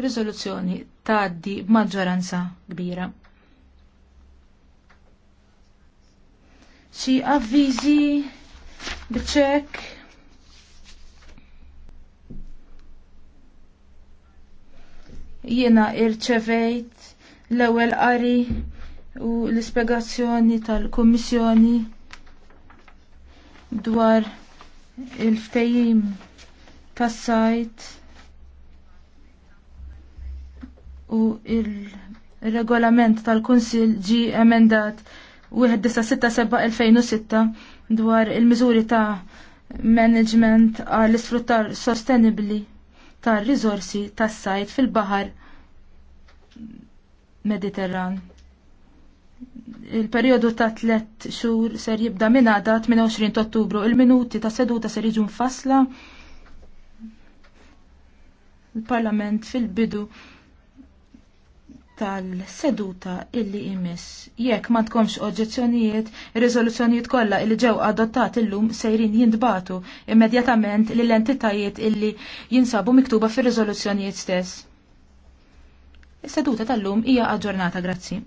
Riżoluzzjoni tgħaddi maġġoranza kbira. Xi avviżi biċek jiena irċevejt l-ewwel qari u l-ispjegazzjoni tal-Kummissjoni dwar il-ftehim tas-sajt u il-regolament tal-Kunsil ġi emendat 1967-2006 dwar il-miżuri ta' management għall isfruttar sostenibli ta' rizorsi tas sajt fil-bahar Mediterran. Il-periodu ta' tlet xhur ser jibda minn għada 28 Ottubru. Il-minuti ta' seduta ser jiġu mfassla il-Parlament fil-bidu tal-seduta illi imiss. Jekk ma tkomx oġġezzjonijiet, ir-riżoluzzjonijiet kollha illi ġew adottati llum sejrin jindbatu immedjatament lill entitajiet illi jinsabu miktuba fir-riżoluzzjonijiet stess. Is-seduta tal-lum hija aġġornata, grazzi.